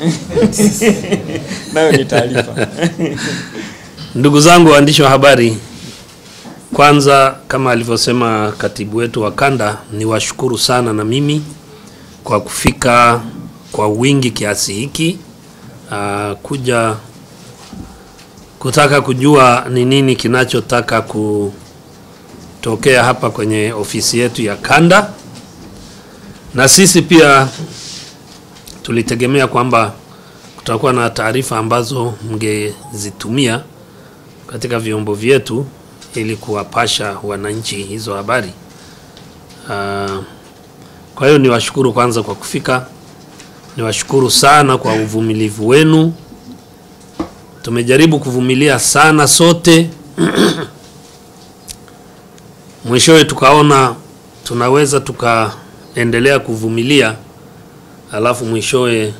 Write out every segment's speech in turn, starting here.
nayo ni taarifa. Ndugu zangu waandishi wa habari, kwanza kama alivyosema katibu wetu wa kanda, niwashukuru sana na mimi kwa kufika kwa wingi kiasi hiki uh, kuja kutaka kujua ni nini kinachotaka kutokea hapa kwenye ofisi yetu ya kanda, na sisi pia tulitegemea kwamba kutakuwa na taarifa ambazo mngezitumia katika vyombo vyetu ili kuwapasha wananchi hizo habari. Uh, kwa hiyo niwashukuru kwanza kwa kufika, niwashukuru sana kwa uvumilivu wenu. Tumejaribu kuvumilia sana sote mwishowe tukaona tunaweza tukaendelea kuvumilia alafu mwishowe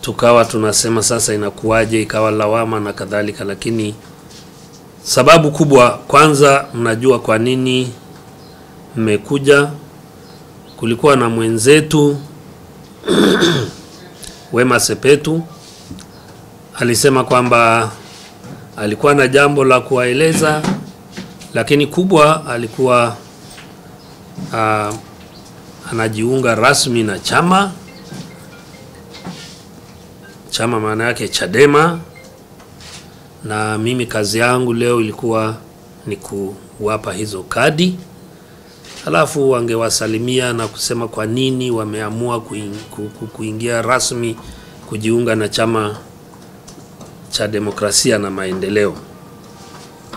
tukawa tunasema sasa inakuwaje, ikawa lawama na kadhalika. Lakini sababu kubwa, kwanza, mnajua kwa nini mmekuja. Kulikuwa na mwenzetu Wema Sepetu alisema kwamba alikuwa na jambo la kuwaeleza, lakini kubwa alikuwa uh, anajiunga rasmi na chama chama maana yake Chadema, na mimi kazi yangu leo ilikuwa ni kuwapa hizo kadi, halafu wangewasalimia na kusema kwa nini wameamua kuingia rasmi kujiunga na chama cha demokrasia na maendeleo.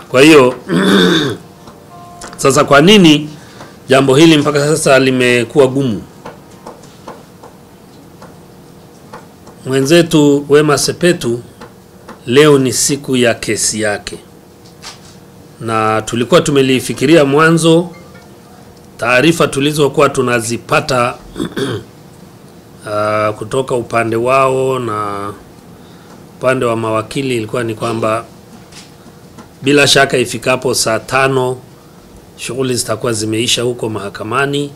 Kwa hiyo sasa, kwa nini Jambo hili mpaka sasa limekuwa gumu. Mwenzetu Wema Sepetu leo ni siku ya kesi yake, na tulikuwa tumelifikiria mwanzo. Taarifa tulizokuwa tunazipata uh, kutoka upande wao na upande wa mawakili ilikuwa ni kwamba bila shaka ifikapo saa tano shughuli zitakuwa zimeisha huko mahakamani.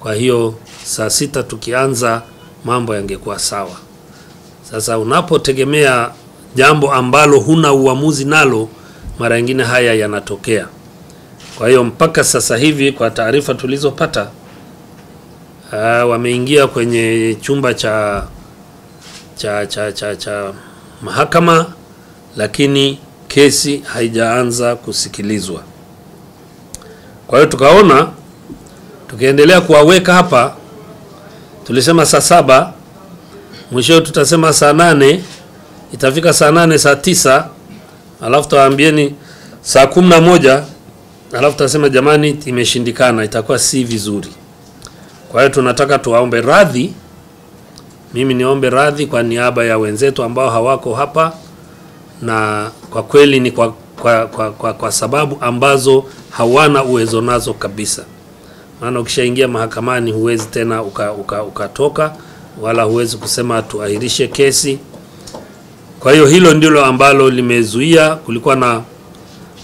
Kwa hiyo saa sita tukianza mambo yangekuwa sawa. Sasa unapotegemea jambo ambalo huna uamuzi nalo, mara nyingine haya yanatokea. Kwa hiyo mpaka sasa hivi kwa taarifa tulizopata, uh, wameingia kwenye chumba cha cha cha cha cha mahakama, lakini kesi haijaanza kusikilizwa. Kwa hiyo tukaona tukiendelea kuwaweka hapa, tulisema saa saba, mwishowe tutasema saa nane, itafika saa nane saa tisa, alafu tawaambieni saa kumi na moja, alafu tutasema jamani, imeshindikana, itakuwa si vizuri. Kwa hiyo tunataka tuwaombe radhi, mimi niombe radhi kwa niaba ya wenzetu ambao hawako hapa, na kwa kweli ni kwa kwa, kwa, kwa, kwa sababu ambazo hawana uwezo nazo kabisa. Maana ukishaingia mahakamani huwezi tena ukatoka uka, uka wala huwezi kusema tuahirishe kesi. Kwa hiyo hilo ndilo ambalo limezuia. Kulikuwa na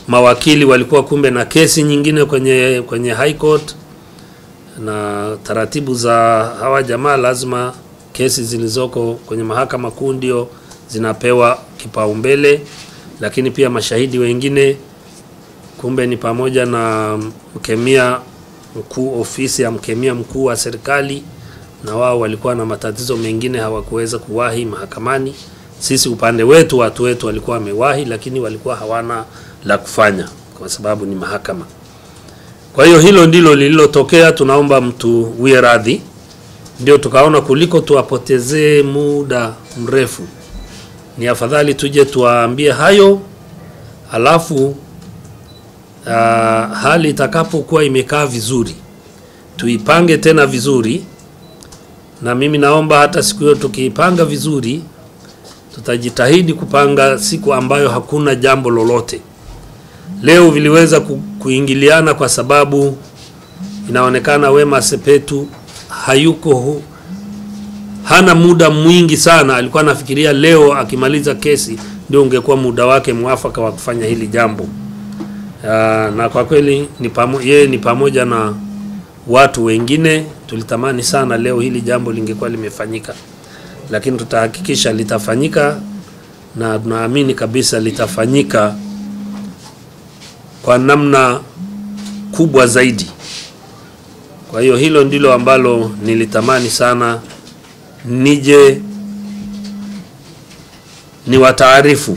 mawakili walikuwa kumbe na kesi nyingine kwenye, kwenye high court, na taratibu za hawa jamaa, lazima kesi zilizoko kwenye mahakama kuu ndio zinapewa kipaumbele lakini pia mashahidi wengine kumbe ni pamoja na mkemia mkuu, ofisi ya mkemia mkuu wa serikali, na wao walikuwa na matatizo mengine, hawakuweza kuwahi mahakamani. Sisi upande wetu, watu wetu walikuwa wamewahi, lakini walikuwa hawana la kufanya kwa sababu ni mahakama. Kwa hiyo hilo ndilo lililotokea, tunaomba mtu wie radhi. Ndio tukaona kuliko tuwapotezee muda mrefu ni afadhali tuje tuwaambie hayo, alafu uh, hali itakapokuwa imekaa vizuri tuipange tena vizuri, na mimi naomba hata siku hiyo tukiipanga vizuri, tutajitahidi kupanga siku ambayo hakuna jambo lolote. Leo viliweza kuingiliana kwa sababu inaonekana Wema Sepetu hayuko huu hana muda mwingi sana, alikuwa anafikiria leo akimaliza kesi ndio ungekuwa muda wake mwafaka wa kufanya hili jambo. Aa, ah, na kwa kweli ni pamo, yeye ni pamoja na watu wengine tulitamani sana leo hili jambo lingekuwa limefanyika, lakini tutahakikisha litafanyika na tunaamini kabisa litafanyika kwa namna kubwa zaidi. Kwa hiyo hilo ndilo ambalo nilitamani sana nije ni wataarifu.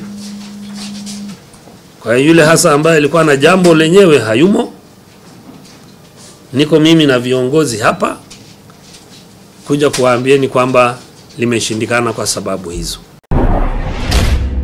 Kwa yule hasa ambaye alikuwa na jambo lenyewe hayumo, niko mimi na viongozi hapa kuja kuwaambieni kwamba limeshindikana kwa sababu hizo.